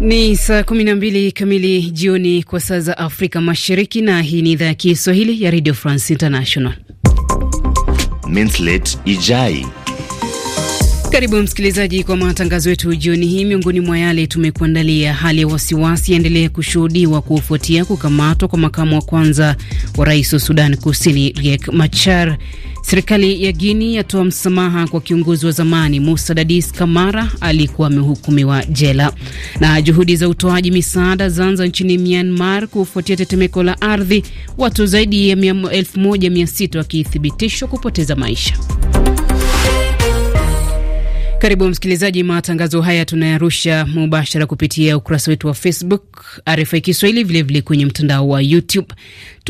Ni saa 12 kamili jioni kwa saa za Afrika Mashariki, na hii ni idhaa ya Kiswahili ya Radio France International. Mintlet Ijai. Karibu msikilizaji kwa matangazo yetu jioni hii. Miongoni mwa yale tumekuandalia: hali ya wasiwasi yaendelea kushuhudiwa kufuatia kukamatwa kwa makamu wa kwanza wa rais wa Sudan Kusini Riek Machar. Serikali ya Guini yatoa msamaha kwa kiongozi wa zamani Musa Dadis Kamara aliyekuwa amehukumiwa jela. Na juhudi za utoaji misaada zaanza nchini Myanmar kufuatia tetemeko la ardhi, watu zaidi ya 1600 wakithibitishwa kupoteza maisha. Karibu msikilizaji, matangazo haya tunayarusha mubashara kupitia ukurasa wetu wa Facebook RFI Kiswahili, vilevile kwenye mtandao wa YouTube.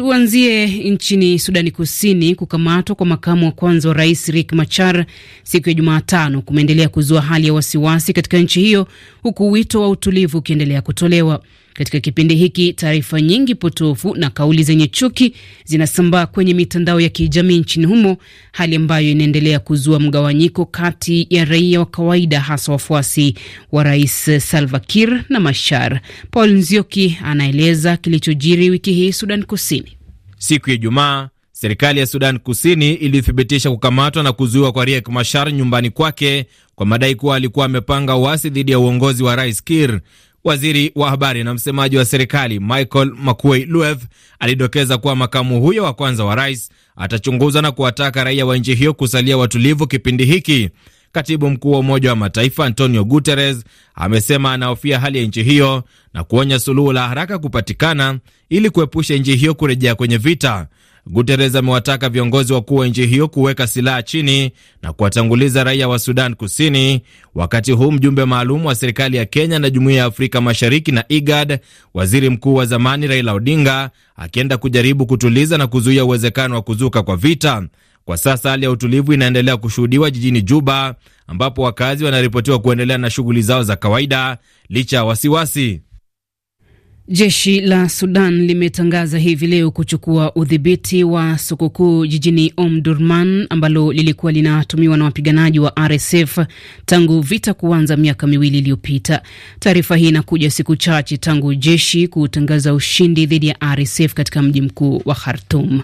Tuanzie nchini Sudani Kusini. Kukamatwa kwa makamu wa kwanza wa rais Riek Machar siku ya Jumatano kumeendelea kuzua hali ya wasiwasi katika nchi hiyo, huku wito wa utulivu ukiendelea kutolewa. Katika kipindi hiki, taarifa nyingi potofu na kauli zenye chuki zinasambaa kwenye mitandao ya kijamii nchini humo, hali ambayo inaendelea kuzua mgawanyiko kati ya raia wa kawaida, hasa wafuasi wa rais Salva Kiir na Machar. Paul Nzioki anaeleza kilichojiri wiki hii Sudan Kusini. Siku ya Ijumaa, serikali ya Sudan Kusini ilithibitisha kukamatwa na kuzuiwa kwa Riek Mashar nyumbani kwake kwa madai kuwa alikuwa amepanga uasi dhidi ya uongozi wa Rais Kir. Waziri wa habari na msemaji wa serikali Michael Makuei Lueth alidokeza kuwa makamu huyo wa kwanza wa rais atachunguzwa na kuwataka raia wa nchi hiyo kusalia watulivu kipindi hiki. Katibu mkuu wa Umoja wa Mataifa Antonio Guterres amesema anahofia hali ya nchi hiyo na kuonya suluhu la haraka kupatikana ili kuepusha nchi hiyo kurejea kwenye vita. Guterres amewataka viongozi wakuu wa nchi hiyo kuweka silaha chini na kuwatanguliza raia wa Sudan Kusini. Wakati huu mjumbe maalum wa serikali ya Kenya na Jumuiya ya Afrika Mashariki na IGAD, waziri mkuu wa zamani Raila Odinga akienda kujaribu kutuliza na kuzuia uwezekano wa kuzuka kwa vita. Kwa sasa hali ya utulivu inaendelea kushuhudiwa jijini Juba, ambapo wakazi wanaripotiwa kuendelea na shughuli zao za kawaida licha ya wasiwasi. Jeshi la Sudan limetangaza hivi leo kuchukua udhibiti wa soko kuu jijini Omdurman ambalo lilikuwa linatumiwa na wapiganaji wa RSF tangu vita kuanza miaka miwili iliyopita. Taarifa hii inakuja siku chache tangu jeshi kutangaza ushindi dhidi ya RSF katika mji mkuu wa Khartum.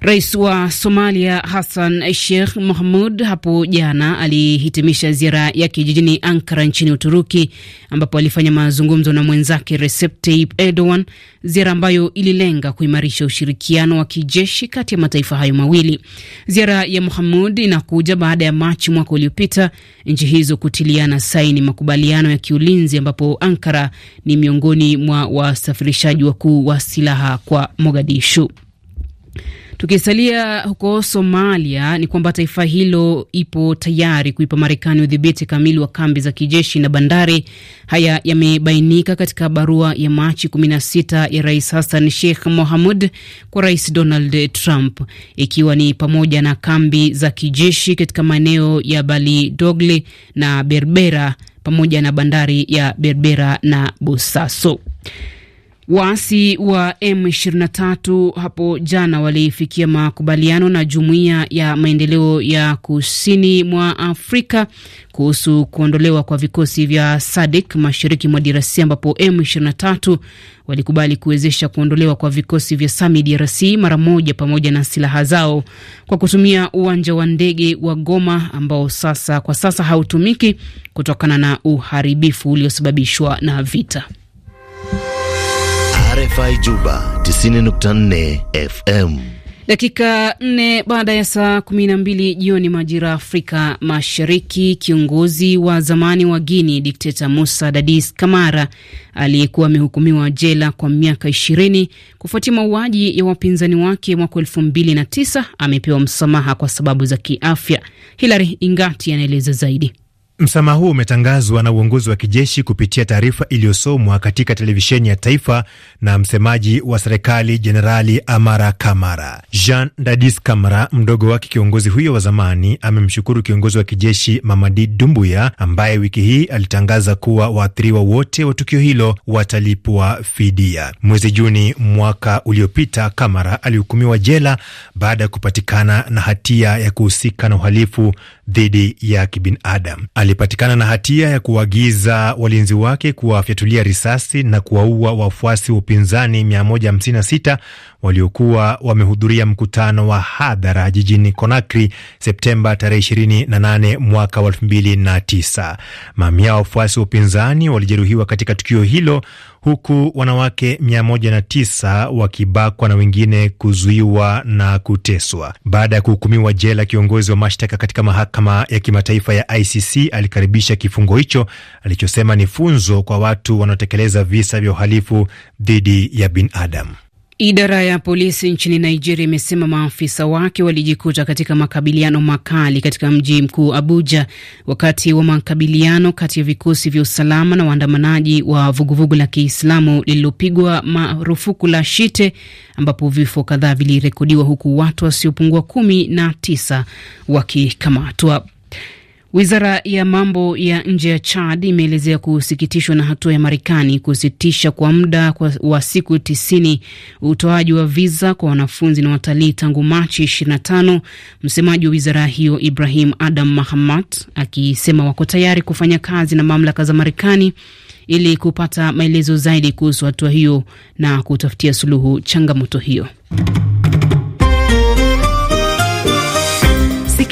Rais wa Somalia Hassan Sheikh Mohamud hapo jana alihitimisha ziara yake jijini Ankara nchini Uturuki, ambapo alifanya mazungumzo na mwenzake Recep Tayyip Erdogan, ziara ambayo ililenga kuimarisha ushirikiano wa kijeshi kati ya mataifa hayo mawili. Ziara ya Mohamud inakuja baada ya Machi mwaka uliopita nchi hizo kutiliana saini makubaliano ya kiulinzi, ambapo Ankara ni miongoni mwa wasafirishaji wakuu wa silaha kwa Mogadishu. Tukisalia huko Somalia, ni kwamba taifa hilo ipo tayari kuipa Marekani udhibiti kamili wa kambi za kijeshi na bandari. Haya yamebainika katika barua ya Machi 16 ya Rais Hassan Sheikh Mohamud kwa Rais Donald Trump, ikiwa ni pamoja na kambi za kijeshi katika maeneo ya Bali Dogle na Berbera pamoja na bandari ya Berbera na Bosaso. Waasi wa M23 hapo jana walifikia makubaliano na Jumuiya ya Maendeleo ya Kusini mwa Afrika kuhusu kuondolewa kwa vikosi vya SADC mashariki mwa DRC ambapo M23 walikubali kuwezesha kuondolewa kwa vikosi vya SAMI DRC mara moja pamoja na silaha zao kwa kutumia uwanja wa ndege wa Goma ambao sasa kwa sasa hautumiki kutokana na uharibifu uliosababishwa na vita. RFI Juba 90.4 FM. Dakika nne baada ya saa kumi na mbili jioni majira Afrika Mashariki, kiongozi wa zamani wa Guini dikteta Musa Dadis Kamara aliyekuwa amehukumiwa jela kwa miaka ishirini kufuatia mauaji ya wapinzani wake mwaka elfu mbili na tisa amepewa msamaha kwa sababu za kiafya. Hilary Ingati anaeleza zaidi. Msamaha huo umetangazwa na uongozi wa kijeshi kupitia taarifa iliyosomwa katika televisheni ya taifa na msemaji wa serikali Jenerali Amara Kamara. Jean Dadis Kamara, mdogo wake kiongozi huyo wa zamani, amemshukuru kiongozi wa kijeshi Mamadi Dumbuya ambaye wiki hii alitangaza kuwa waathiriwa wote wa tukio hilo watalipwa fidia. Mwezi Juni mwaka uliopita, Kamara alihukumiwa jela baada ya kupatikana na hatia ya kuhusika na uhalifu dhidi ya kibinadamu alipatikana na hatia ya kuagiza walinzi wake kuwafyatulia risasi na kuwaua wafuasi wa upinzani 156 waliokuwa wamehudhuria mkutano wa hadhara jijini Conakry Septemba tarehe 28 mwaka 2009. Mamia wafuasi wa upinzani walijeruhiwa katika tukio hilo huku wanawake 109 wakibakwa na wengine kuzuiwa na kuteswa. Baada ya kuhukumiwa jela, kiongozi wa mashtaka katika mahakama ya kimataifa ya ICC alikaribisha kifungo hicho alichosema ni funzo kwa watu wanaotekeleza visa vya uhalifu dhidi ya binadamu. Idara ya polisi nchini Nigeria imesema maafisa wake walijikuta katika makabiliano makali katika mji mkuu Abuja wakati wa makabiliano kati ya vikosi vya usalama na waandamanaji wa vuguvugu la Kiislamu lililopigwa marufuku la Shite, ambapo vifo kadhaa vilirekodiwa huku watu wasiopungua kumi na tisa wakikamatwa. Wizara ya mambo ya nje ya Chad imeelezea kusikitishwa na hatua ya Marekani kusitisha kwa muda wa siku tisini utoaji wa viza kwa wanafunzi na watalii tangu Machi 25, msemaji wa wizara hiyo Ibrahim Adam Mahamat akisema wako tayari kufanya kazi na mamlaka za Marekani ili kupata maelezo zaidi kuhusu hatua hiyo na kutafutia suluhu changamoto hiyo.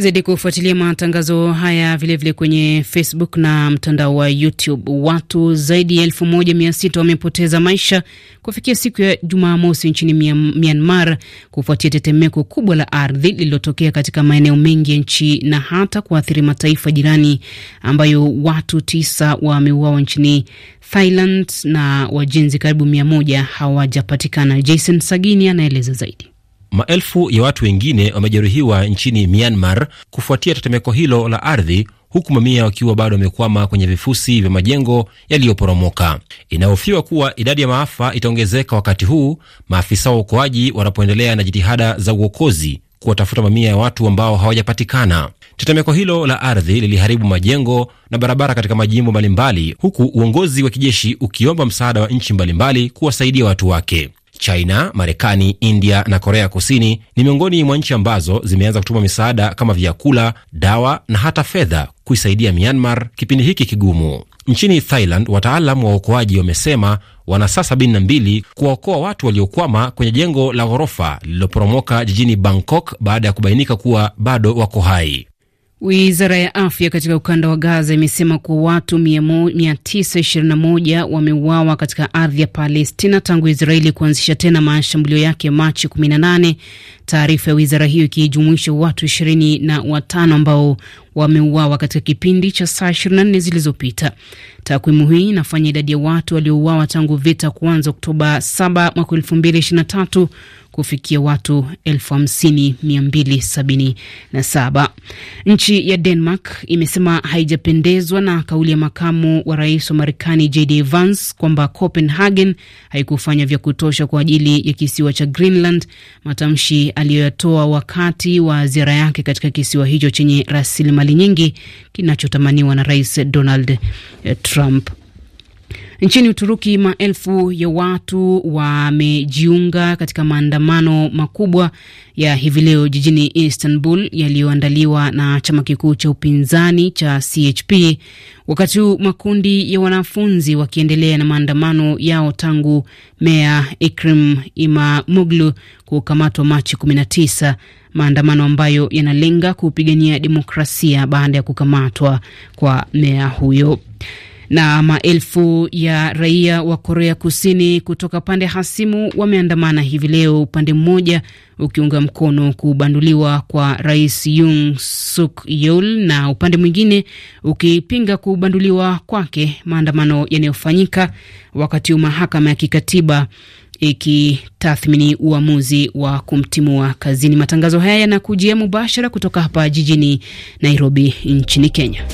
zaidi kufuatilia matangazo haya vilevile vile kwenye Facebook na mtandao wa YouTube. Watu zaidi ya elfu moja mia sita wamepoteza maisha kufikia siku ya Jumamosi nchini Myanmar kufuatia tetemeko kubwa la ardhi lililotokea katika maeneo mengi ya nchi na hata kuathiri mataifa jirani, ambayo watu tisa wameuawa nchini Thailand na wajenzi karibu mia moja hawajapatikana. Jason Sagini anaeleza zaidi. Maelfu ya watu wengine wamejeruhiwa nchini Myanmar kufuatia tetemeko hilo la ardhi, huku mamia wakiwa bado wamekwama kwenye vifusi vya majengo yaliyoporomoka. Inahofiwa kuwa idadi ya maafa itaongezeka wakati huu maafisa wa uokoaji wanapoendelea na jitihada za uokozi kuwatafuta mamia ya watu ambao hawajapatikana. Tetemeko hilo la ardhi liliharibu majengo na barabara katika majimbo mbalimbali, huku uongozi wa kijeshi ukiomba msaada wa nchi mbalimbali kuwasaidia watu wake. China, Marekani, India na Korea Kusini ni miongoni mwa nchi ambazo zimeanza kutuma misaada kama vyakula, dawa na hata fedha kuisaidia Myanmar kipindi hiki kigumu. Nchini Thailand, wataalam wa uokoaji wamesema wana saa 72 kuwaokoa watu waliokwama kwenye jengo la ghorofa lililoporomoka jijini Bangkok baada ya kubainika kuwa bado wako hai. Wizara ya afya katika ukanda wa Gaza imesema kuwa watu 921 wameuawa katika ardhi ya Palestina tangu Israeli kuanzisha tena mashambulio yake Machi 18, taarifa ya wizara hiyo ikijumuisha watu ishirini na watano ambao wameuawa katika kipindi cha saa 24 zilizopita. Takwimu hii inafanya idadi ya watu waliouawa tangu vita kuanza Oktoba 7 mwaka 2023 kufikia watu 50277. Nchi ya Denmark imesema haijapendezwa na kauli ya makamu wa rais wa Marekani JD Vance kwamba Copenhagen haikufanya vya kutosha kwa ajili ya kisiwa cha Greenland, matamshi aliyoyatoa wakati wa ziara yake katika kisiwa hicho chenye rasilimali nyingi kinachotamaniwa na Rais Donald eh, Trump. Nchini Uturuki, maelfu ya watu wamejiunga katika maandamano makubwa ya hivi leo jijini Istanbul yaliyoandaliwa na chama kikuu cha upinzani cha CHP, wakati huu makundi ya wanafunzi wakiendelea na maandamano yao tangu meya Ekrem Imamoglu kukamatwa Machi 19, maandamano ambayo yanalenga kupigania demokrasia baada ya kukamatwa kwa meya huyo. Na maelfu ya raia wa Korea Kusini kutoka pande hasimu wameandamana hivi leo, upande mmoja ukiunga mkono kubanduliwa kwa Rais Yoon Suk Yeol na upande mwingine ukipinga kubanduliwa kwake, maandamano yanayofanyika wakati wa mahakama ya kikatiba ikitathmini uamuzi wa kumtimua kazini. Matangazo haya yanakujia mubashara kutoka hapa jijini Nairobi nchini Kenya.